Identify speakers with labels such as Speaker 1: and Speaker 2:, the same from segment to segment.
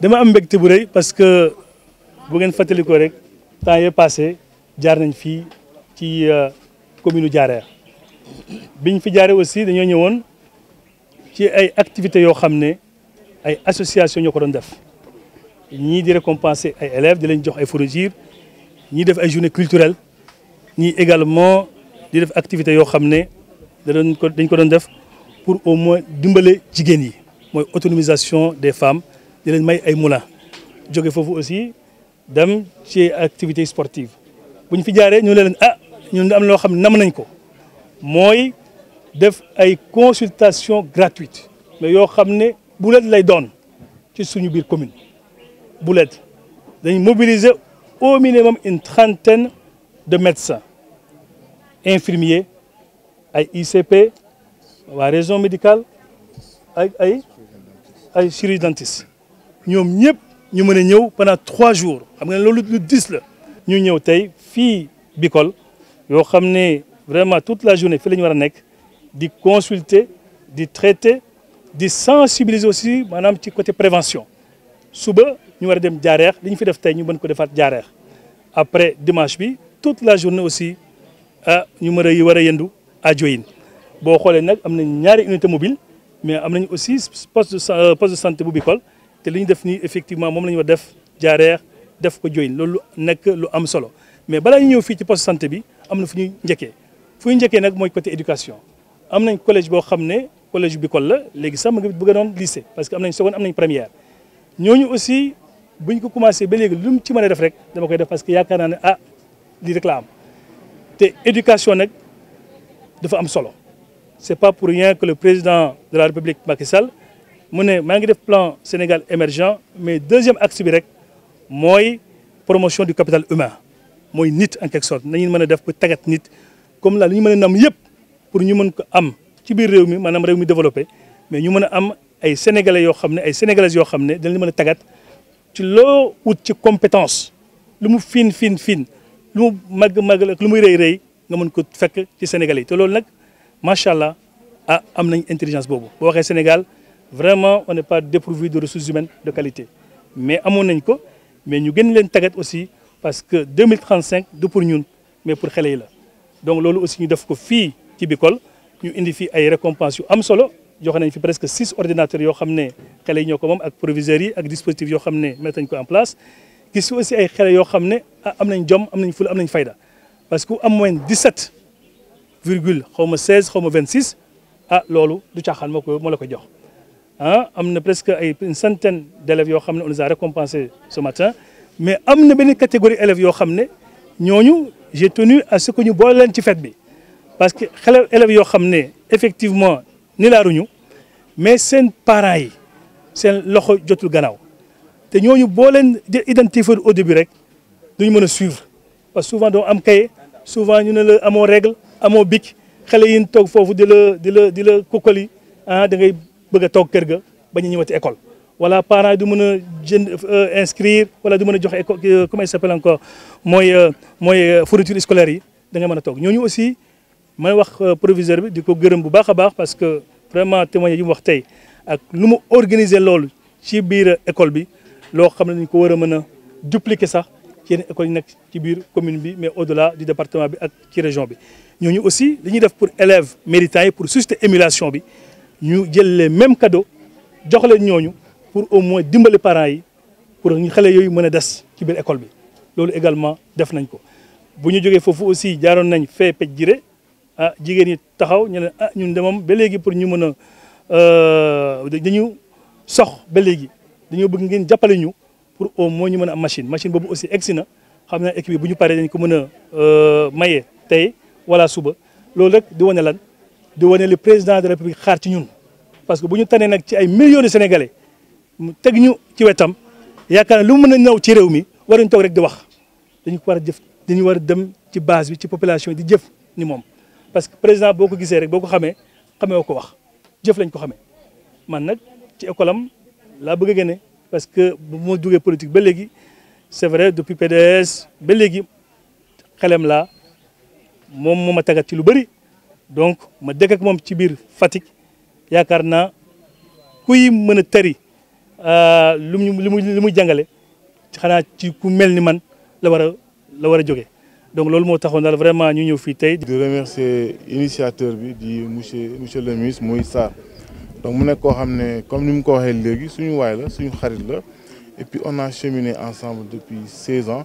Speaker 1: dama am mbégte bu parce que bu ngeen correct, rek temps est passé jaar nañ fii ci euh, commune Diarère biñ fi jaaree aussi dañoo ñëwoon ci ay activités yoo xam ne ay association ñoo ko doon def ñii di récompenser ay élèves di leen jox ay fourragires ñii def ay journée culturelle ñii également di def activité yoo xam ne da dañ ko doon def pour au moins dimbale jigéen yi mooy autonomisation des femmes de leen may ay moulin jóge foofu aussi dem ci activité sportive bu ñu fi jaaree ñu ne leen ah ñun am na loo xam ne nam nañ ko mooy def ay consultation gratuite mais yoo xam ne bulet lay doon ci suñu biir commune bulet dañ mobiliser au minimum une trentaine de médecins infirmiers ay ICP waa région médicale ay ay ay chirurgien dentiste nous sommes ñu pendant trois jours Nous avons loolu lu Nous la ñu ñëw Bicol nous vraiment toute la journée consulter de traiter de sensibiliser aussi sur petit côté prévention Nous ñu war dem jaareex li fi def après dimanche toute la journée aussi nous ah, ñu mën à unité mobile mais nous avons aussi poste euh, poste de santé Bicol te def ni effectivement mom la ñu def jaareex def ko joyin loolu nek lu am solo mais balaa ñu ñëw fii ci poste santé bi amna fuñu fu fuñu njëkkee nak moy côté éducation am collège bo xamné collège bi Bicol la léegi sax bëgg a lycée parce que am nañ seconde am nañ première ñoñu aussi buñ ko commencé ba légui lu ci mëna def rek dama koy def parce que yaakaar naa ah li rek la am te éducation nak dafa am solo c'est pas pour rien que le président de la République Macky Sall mu def plan Sénégal émergent mais deuxième axe bi rek promotion du capital humain mooy nit en quelque sorte nañu mën a def ba tagat nit comme la li ñu mën nam pour ñu mën ko am ci biir réew mi maanaam réew mi développé mais ñu mëna am ay sénégalais yo xamné ay sénégalaises yo xamné ne dinañ mën tagat ci loo wut ci compétence lu mu fin fin fin lu mu mag màgg ak lu muy rëy rëy nga mëna ko fekk ci sénégalais té lool nak machallah a ah, am nañ intelligence bobu bo waxee Sénégal vraiment on n'est pas dépourvu de ressources humaines de qualité mais à mon ko mais ñu gën leen aussi parce que 2035 du pour ñun mais pour xale yi la donc loolu aussi ñu def ko fii ci Bicol ñu indi fii ay récompenses yu am solo joxe nañ fi presque six ordinateurs yoo xam ne xale yi ñoo ko moom ak proviseurs yi ak dispositifs yoo xam ne mettre ko en place gis fi aussi ay xale yoo xam ne ah am nañ jom am nañ ful am nañ fayda parce que am 17 virgule 16 26 ah loolu du caaxaan moo ko ko jox ah am presque ay une centaine d'élèves élèves yoo on les a récompensés ce matin mais am na une catégorie élèves yoo xam j'ai tenu à ce que ñu boole leen ci fête bi parce que xale élèves yoo xam effectivement ni laaruñu mais seen parents yi seen loxo jotul gannaaw te ñooñu boo leen identifier au début rek duñu suivre parce que souvent doo am kay souvent ñu ne la amoo règle amoo bic xale yi ñu toog foofu di la di la di la kokkali ah da ngay bëgg a toog kër ga ñëwati école wala parents du mën a jënd euh, inscrire wala du mën a école euh, comment il s'appelle encore mooy euh, mooy fourniture scolaire yi da nga mën a toog ñooñu aussi may wax proviseur bi di ko gërëm bu baax a baax parce que vraiment témoignage yi mu wax tey ak lu mu organiser loolu ci biir école bi loo xam ne dañ ko war a mën a dupliquer sax ci école yi nekk ci biir commune bi mais au-delà du département bi ak ci région bi ñooñu aussi dañuy def pour élèves méritants yi pour susciter émulation bi nous avons les mêmes cadeaux pour au moins les parents pour ñu les enfants puissent aller des ci biir également def nañ ko. fait. aussi fait nañ choses, nous avons fait des choses, nous avons fait pour nous a euh, dañu pour au moins nous machine machine aussi exina. nous avons équipe euh, maye wala suba di wane le président de la république xaar ci ñun parce que bu ñu tanee nag ci ay millions de sénégalais mu teg ñu ci wétam yaakaar lu mëna a ci réew mi waruñ tok rek di wax dañu ko war jëf dañu war a dem ci base bi ci population di jëf ni mom parce que président boko gisé rek boko xamé xamé ko wax jëf lañ ko xamé man nak ci école am laa bëgg a parce que bu mo duggé politique ba légui c'est vrai depuis PDS ba légui xelam la mom moo ma tàggat ci lu bari donc ma dëkk ak mom ci bir Fatick yakarna kuy meuna a euh lu mu lu mu lu muy jàngale ci ku melni
Speaker 2: man la wara la wara a donc loolu mo taxone dal vraiment ñu ñëw fi tay de remercier initiateur bi di monsieur monsieur le ministre muy Sarr donc mu nek ko xamné comme ni ko waxé légui suñu way la suñu xarit la et puis on a cheminé ensemble depuis 16 ans.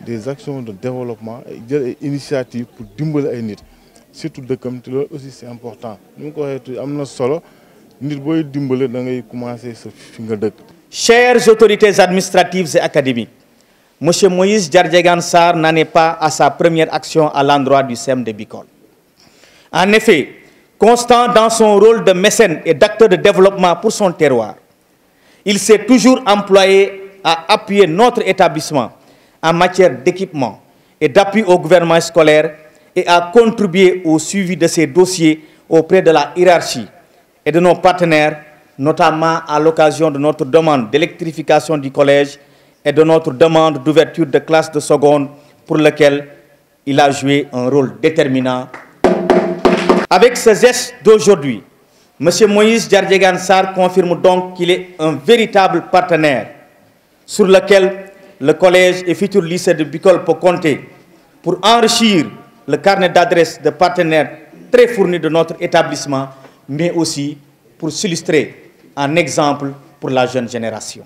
Speaker 2: des actions de développement et des initiatives pour dimbali ay nit surtout de comme aussi c'est important Nous, ko solo nit boy commencer ce fi nga Chères autorités administratives et académiques, M. Moïse Djardjegan Sar
Speaker 3: n'en est pas à sa première action à l'endroit du SEM de Bicol. En effet, constant dans son rôle de mécène et d'acteur de développement pour son terroir, il s'est toujours employé à appuyer notre établissement en matière d'équipement et d'appui au gouvernement scolaire et à contribuer au suivi de ces dossiers auprès de la hiérarchie et de nos partenaires, notamment à l'occasion de notre demande d'électrification du collège et de notre demande d'ouverture de classes de seconde pour lequel il a joué un rôle déterminant. Avec ce geste d'aujourd'hui, M. Moïse Sar confirme donc qu'il est un véritable partenaire sur lequel le collège et futur lycée de Bicol pour compter pour enrichir le carnet d'adresses de partenaires très fournis de notre établissement, mais aussi pour s'illustrer en exemple pour la jeune génération.